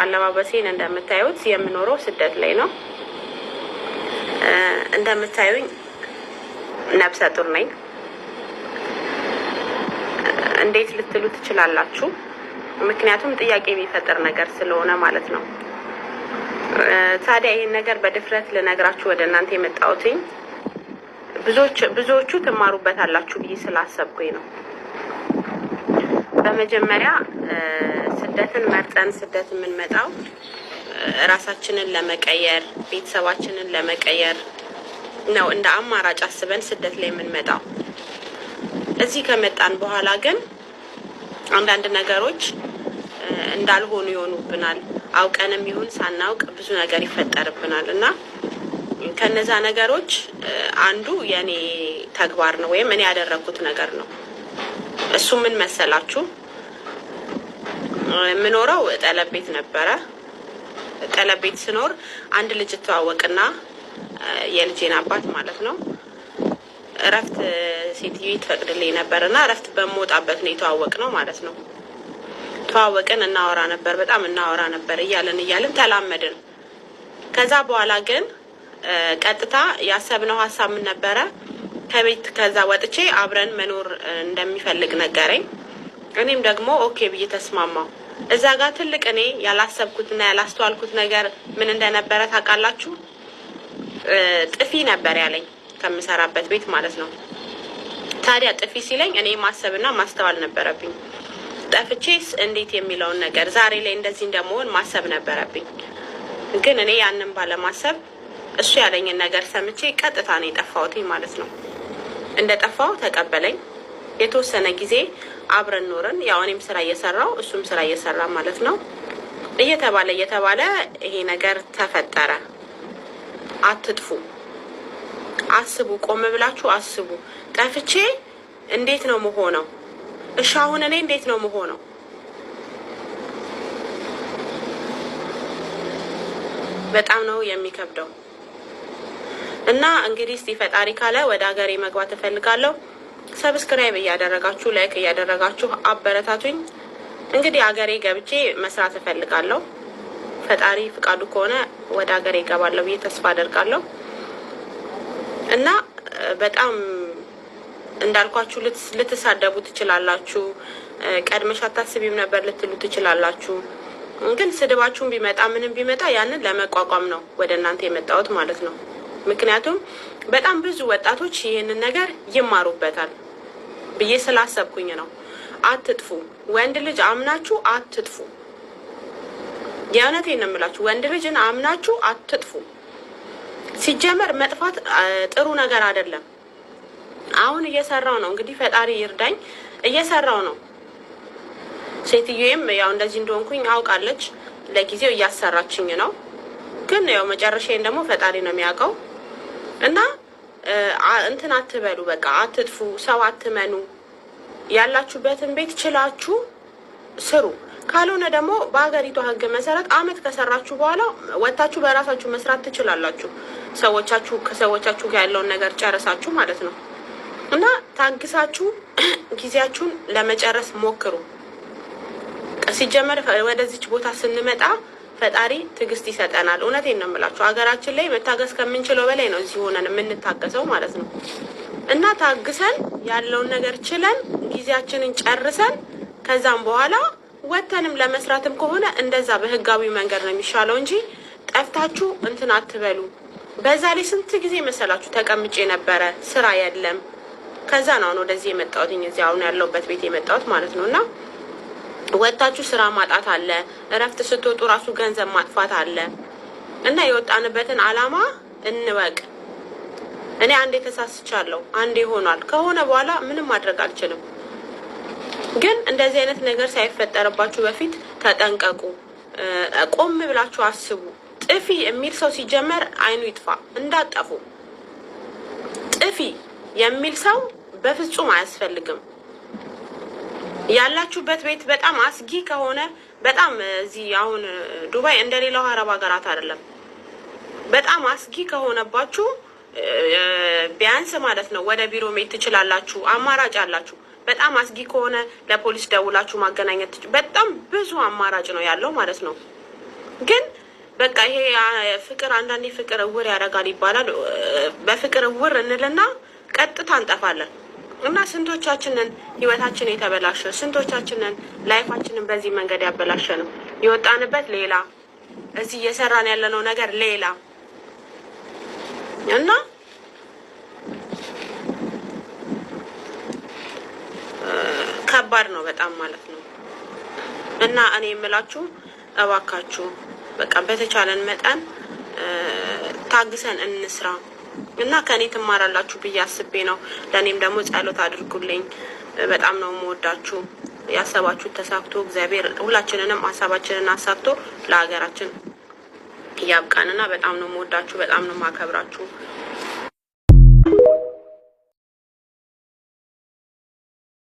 አለባበሴን እንደምታዩት የምኖረው ስደት ላይ ነው። እንደምታዩኝ ነብሰ ጡር ነኝ። እንዴት ልትሉ ትችላላችሁ። ምክንያቱም ጥያቄ የሚፈጥር ነገር ስለሆነ ማለት ነው። ታዲያ ይህን ነገር በድፍረት ልነግራችሁ ወደ እናንተ የመጣሁትኝ ብዙዎቹ ትማሩበት አላችሁ ብዬ ስላሰብኩኝ ነው። በመጀመሪያ ስደትን መርጠን ስደት የምንመጣው ራሳችንን ለመቀየር ቤተሰባችንን ለመቀየር ነው። እንደ አማራጭ አስበን ስደት ላይ የምንመጣው። እዚህ ከመጣን በኋላ ግን አንዳንድ ነገሮች እንዳልሆኑ ይሆኑብናል። አውቀንም ይሁን ሳናውቅ ብዙ ነገር ይፈጠርብናል እና ከነዛ ነገሮች አንዱ የኔ ተግባር ነው ወይም እኔ ያደረግኩት ነገር ነው። እሱ ምን መሰላችሁ? የምኖረው ጠለብ ቤት ነበረ። ጠለብ ቤት ስኖር አንድ ልጅ ተዋወቅና የልጄን አባት ማለት ነው እረፍት ሴትዮ ትፈቅድልኝ ነበር እና እረፍት በምወጣበት ነው የተዋወቅ ነው ማለት ነው። ተዋወቅን፣ እናወራ ነበር፣ በጣም እናወራ ነበር። እያለን እያለን ተላመድን። ከዛ በኋላ ግን ቀጥታ ያሰብነው ሀሳብ ምን ነበረ? ከቤት ከዛ ወጥቼ አብረን መኖር እንደሚፈልግ ነገረኝ። እኔም ደግሞ ኦኬ ብዬ ተስማማው። እዛ ጋር ትልቅ እኔ ያላሰብኩትና ያላስተዋልኩት ነገር ምን እንደነበረ ታውቃላችሁ? ጥፊ ነበር ያለኝ ከምሰራበት ቤት ማለት ነው። ታዲያ ጥፊ ሲለኝ እኔ ማሰብና ማስተዋል ነበረብኝ። ጠፍቼስ እንዴት የሚለውን ነገር ዛሬ ላይ እንደዚህ እንደመሆን ማሰብ ነበረብኝ። ግን እኔ ያንን ባለማሰብ እሱ ያለኝን ነገር ሰምቼ ቀጥታ ነው የጠፋሁት ማለት ነው። እንደ ጠፋው ተቀበለኝ። የተወሰነ ጊዜ አብረን ኖረን ያው እኔም ስራ እየሰራው እሱም ስራ እየሰራ ማለት ነው። እየተባለ እየተባለ ይሄ ነገር ተፈጠረ። አትጥፉ፣ አስቡ፣ ቆም ብላችሁ አስቡ። ጠፍቼ እንዴት ነው መሆነው? እሺ አሁን እኔ እንዴት ነው መሆነው? በጣም ነው የሚከብደው። እና እንግዲህ እስቲ ፈጣሪ ካለ ወደ ሀገሬ መግባት እፈልጋለሁ። ሰብስክራይብ እያደረጋችሁ ላይክ እያደረጋችሁ አበረታቱኝ። እንግዲህ አገሬ ገብቼ መስራት እፈልጋለሁ። ፈጣሪ ፍቃዱ ከሆነ ወደ ሀገሬ እገባለሁ ብዬ ተስፋ አደርጋለሁ እና በጣም እንዳልኳችሁ ልትሳደቡ ትችላላችሁ። ቀድመሽ አታስቢም ነበር ልትሉ ትችላላችሁ። ግን ስድባችሁን ቢመጣ ምንም ቢመጣ ያንን ለመቋቋም ነው ወደ እናንተ የመጣሁት ማለት ነው። ምክንያቱም በጣም ብዙ ወጣቶች ይህንን ነገር ይማሩበታል። ብዬ ስላሰብኩኝ ነው። አትጥፉ፣ ወንድ ልጅ አምናችሁ አትጥፉ። የእውነቴን ነው የምላችሁ፣ ወንድ ልጅን አምናችሁ አትጥፉ። ሲጀመር መጥፋት ጥሩ ነገር አይደለም። አሁን እየሰራው ነው። እንግዲህ ፈጣሪ ይርዳኝ፣ እየሰራው ነው። ሴትዮዬም ያው እንደዚህ እንደሆንኩኝ አውቃለች። ለጊዜው እያሰራችኝ ነው፣ ግን ያው መጨረሻዬን ደግሞ ፈጣሪ ነው የሚያውቀው እና እንትን አትበሉ፣ በቃ አትጥፉ፣ ሰው አትመኑ። ያላችሁበትን ቤት ችላችሁ ስሩ። ካልሆነ ደግሞ በሀገሪቷ ሕግ መሰረት አመት ከሰራችሁ በኋላ ወጥታችሁ በራሳችሁ መስራት ትችላላችሁ። ሰዎቻችሁ ከሰዎቻችሁ ጋር ያለውን ነገር ጨርሳችሁ ማለት ነው። እና ታግሳችሁ ጊዜያችሁን ለመጨረስ ሞክሩ። ሲጀመር ወደዚች ቦታ ስንመጣ ፈጣሪ ትዕግስት ይሰጠናል። እውነቴን ነው የምላችሁ። ሀገራችን ላይ መታገስ ከምንችለው በላይ ነው እዚህ ሆነን የምንታገሰው ማለት ነው። እና ታግሰን ያለውን ነገር ችለን ጊዜያችንን ጨርሰን ከዛም በኋላ ወተንም ለመስራትም ከሆነ እንደዛ በህጋዊ መንገድ ነው የሚሻለው እንጂ ጠፍታችሁ እንትን አትበሉ። በዛ ላይ ስንት ጊዜ መሰላችሁ ተቀምጬ ነበረ፣ ስራ የለም። ከዛ ነው አሁን ወደዚህ የመጣሁት እዚህ አሁን ያለሁበት ቤት የመጣሁት ማለት ነው እና ወጣችሁ ስራ ማጣት አለ። እረፍት ስትወጡ ራሱ ገንዘብ ማጥፋት አለ እና የወጣንበትን አላማ እንወቅ። እኔ አንዴ ተሳስቻለሁ፣ አንዴ ሆኗል። ከሆነ በኋላ ምንም ማድረግ አልችልም። ግን እንደዚህ አይነት ነገር ሳይፈጠርባችሁ በፊት ተጠንቀቁ። ቆም ብላችሁ አስቡ። ጥፊ የሚል ሰው ሲጀመር አይኑ ይጥፋ፣ እንዳጠፉ ጥፊ የሚል ሰው በፍጹም አያስፈልግም። ያላችሁበት ቤት በጣም አስጊ ከሆነ በጣም እዚህ አሁን ዱባይ እንደሌላው አረብ ሀገራት አይደለም። በጣም አስጊ ከሆነባችሁ ቢያንስ ማለት ነው ወደ ቢሮ መሄድ ትችላላችሁ። አማራጭ አላችሁ። በጣም አስጊ ከሆነ ለፖሊስ ደውላችሁ ማገናኘት፣ በጣም ብዙ አማራጭ ነው ያለው ማለት ነው። ግን በቃ ይሄ ፍቅር አንዳንዴ ፍቅር እውር ያደርጋል ይባላል። በፍቅር እውር እንልና ቀጥታ እንጠፋለን። እና ስንቶቻችንን ህይወታችን የተበላሸ ስንቶቻችንን ላይፋችንን በዚህ መንገድ ያበላሸ ነው። የወጣንበት ሌላ እዚህ እየሰራን ያለነው ነገር ሌላ እና ከባድ ነው በጣም ማለት ነው። እና እኔ የምላችሁ እባካችሁ በቃ በተቻለን መጠን ታግሰን እንስራ። እና ከእኔ ትማራላችሁ ብዬ አስቤ ነው። ለእኔም ደግሞ ጸሎት አድርጉልኝ። በጣም ነው የምወዳችሁ። ያሰባችሁት ተሳክቶ እግዚአብሔር ሁላችንንም ሀሳባችንን አሳክቶ ለሀገራችን እያብቃንና በጣም ነው የምወዳችሁ። በጣም ነው የማከብራችሁ።